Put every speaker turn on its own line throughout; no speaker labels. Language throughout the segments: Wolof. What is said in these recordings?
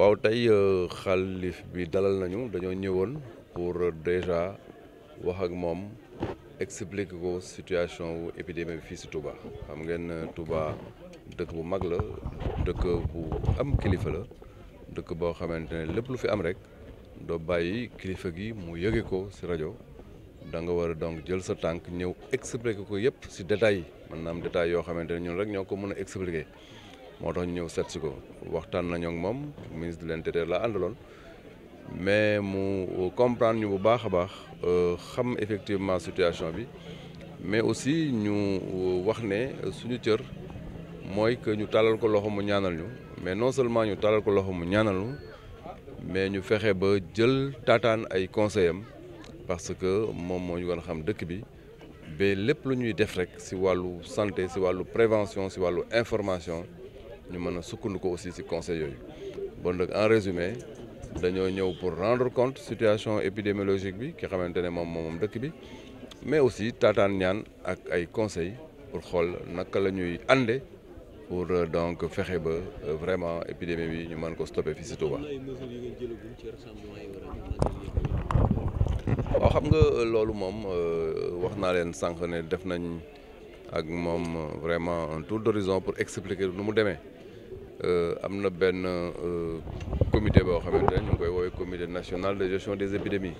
waaw tey euh, xalif bi dalal nañu dañoo ñëwoon pour euh, déjà wax ak moom expliquer ko situation wu bi fii si Touba xam ngeen euh, Touba dëkk bu mag la dëkk bu am kilifa la dëkk boo xamante ne lépp lu fi am rek doo bàyyi kilifa gi mu yëge ko si rajo da nga war a donc jël sa tànk ñëw expliquer ko yëpp si détails yi mën na am détails yoo xamante ne ñun rek ñoo ko mën a expliquer moo tax ñu ñëw seet si ko waxtaan nañu moom ministre de l'intérieur la àndaloon mais mu comprendre ñu bu baax a baax euh, xam effectivement situation bi mais aussi ñu euh, wax ne suñu cër mooy que ñu tàllal ko loxo mu ñaanal ñu mais non seulement ñu tàllal ko loxo mu ñaanal mais ñu fexe ba jël taataan ay conseil am parce que moom moo ñu war a xam dëkk bi ba lépp lu ñuy def rek si wàllu santé si wàllu prévention si wàllu information ñu mën a sukkandiku aussi ci conseil yooyu bon nag en résumé dañoo ñëw pour rendre compte situation épidémiologique bi ki xamante ne moom moom dëkk bi mais aussi taataan ñaan ak ay conseil pour xool naka la ñuy ànde pour euh, donc fexe ba euh, vraiment épidémie bi ñu mën ko stoppé fii ci Touba. waaw xam nga euh, loolu moom wax naa leen sànq ne def nañ. ak moom euh, vraiment un de d'horizon pour expliquer nu mu demee euh, am na benn euh, comité boo xamante ne ñu koy woowee comité national de gestion des épidémies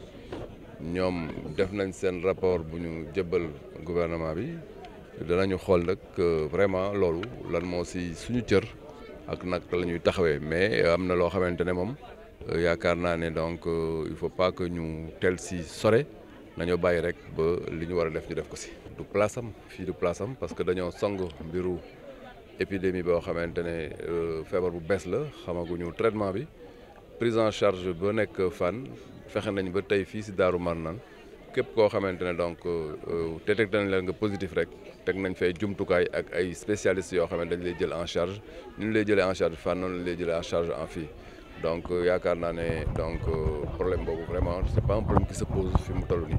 ñoom def nañ seen rapport bu ñu jëbbal gouvernement bi danañu xool nag vraiment loolu lan moo si suñu cër ak nag la ñuy taxawee mais am na loo xamante ne moom yaakaar naa ne donc il faut pas que ñu teel si sore nañoo bàyyi rek ba li ñu war a def ñu def ko si du am fii du place am parce que dañoo song mbiru épidémie boo xamante ne euh, feebar bu bees la xamaguñu traitement bi prise en charge ba nekk fan fexe nañ ba tey fii si Daaru Marnaan képp koo xamante ne donc euh, euh, détecté nañ la nga positif rek teg nañ fay jumtukaay ak ay spécialistes yoo xamante dañ lay jël en charge ñu lay jëlee en charge fan noonu lay jëlee en charge en fii donc yaakaar naa ne donc problème boobu vraiment c'est pas un problème qui se fi mu toll nii.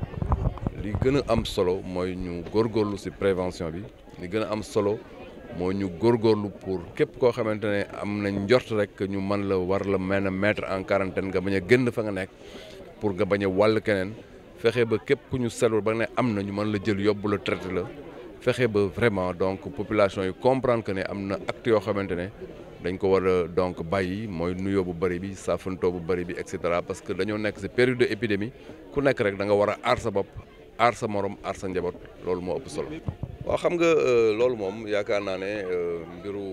li gën a am solo mooy ñu góorgóorlu ci prévention bi li gën a am solo mooy ñu góorgóorlu pour képp koo xamante ne am na njort rek ñu mën la war la mën a mettre en quarantaine nga bañ a génn fa nga nekk pour nga bañ a wàll keneen fexe ba képp ku ñu seetlu ba ne am na ñu mën la jël yóbbu la traité la fexe ba vraiment donc population yi comprendre que ne am na acte yoo xamante ne dañ ko war a donc bàyyi mooy nuyoo bu bari bi saafantoo bu bari bi et cetera parce que dañoo nekk ci période d'épidémie ku nekk rek danga nga war a aar sa bopp aar sa moroom aar sa njaboot loolu moo ëpp solo. waaw xam nga euh, loolu moom yaakaar naa ne euh, mbiru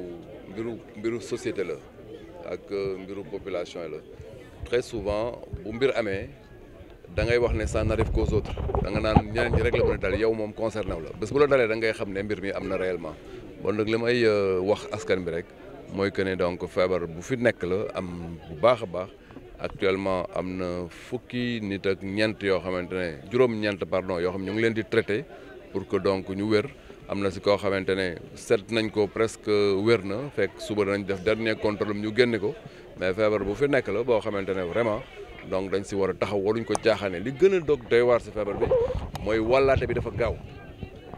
mbiru mbiru société la ak euh, mbiru population la très souvent bu mbir amee dangay wax ne ça n'arrive qu'aux autres da nga naan ñeneen ñi rek la mën a dal yow moom concerné wu la bés bu la dalee da ngay xam ne mbir mi am na réellement bon nag li may wax askan bi rek mooy que ne donc feebar bu fi nekk la am bu baax a baax. actuellement am na fukki nit ak ñeent yoo xamante ne juróom-ñeent pardon yoo xam ñoo ngi leen di traité pour que donc ñu wér am na si koo xamante ne seet nañ ko presque wér na fekk suba nañ def dernier contrôle ñu génne ko mais feebar bu fi nekk la boo xamante ne vraiment donc dañ si war a taxaw waruñ ko caaxaane li gën a doog doy waar si feebar bi mooy wallaate bi dafa gaaw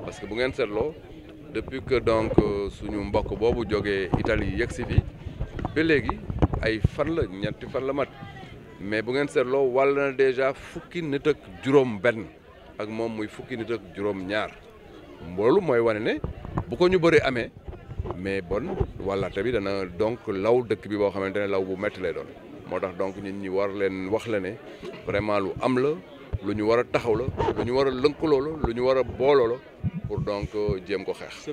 parce que bu ngeen seetloo depuis que donc euh, suñu mbokk boobu jógee Italie yegg si fii ba léegi ay fan la ñetti fan la mat mais bu ngeen seetloo wàll na déjà fukki nit ak juróom-benn ak moom muy fukki nit ak juróom-ñaar loolu mooy wane ne bu ko ñu bëri amee mais bon wàllaate bi dana donc law dëkk bi boo xamante ne law bu métti lay doon. moo tax donc nit ñi war leen wax la ne vraiment lu am la lu ñu war a taxaw la lu ñu war a lëkkaloo la lu ñu war a booloo la pour donc euh, jéem ko xeex.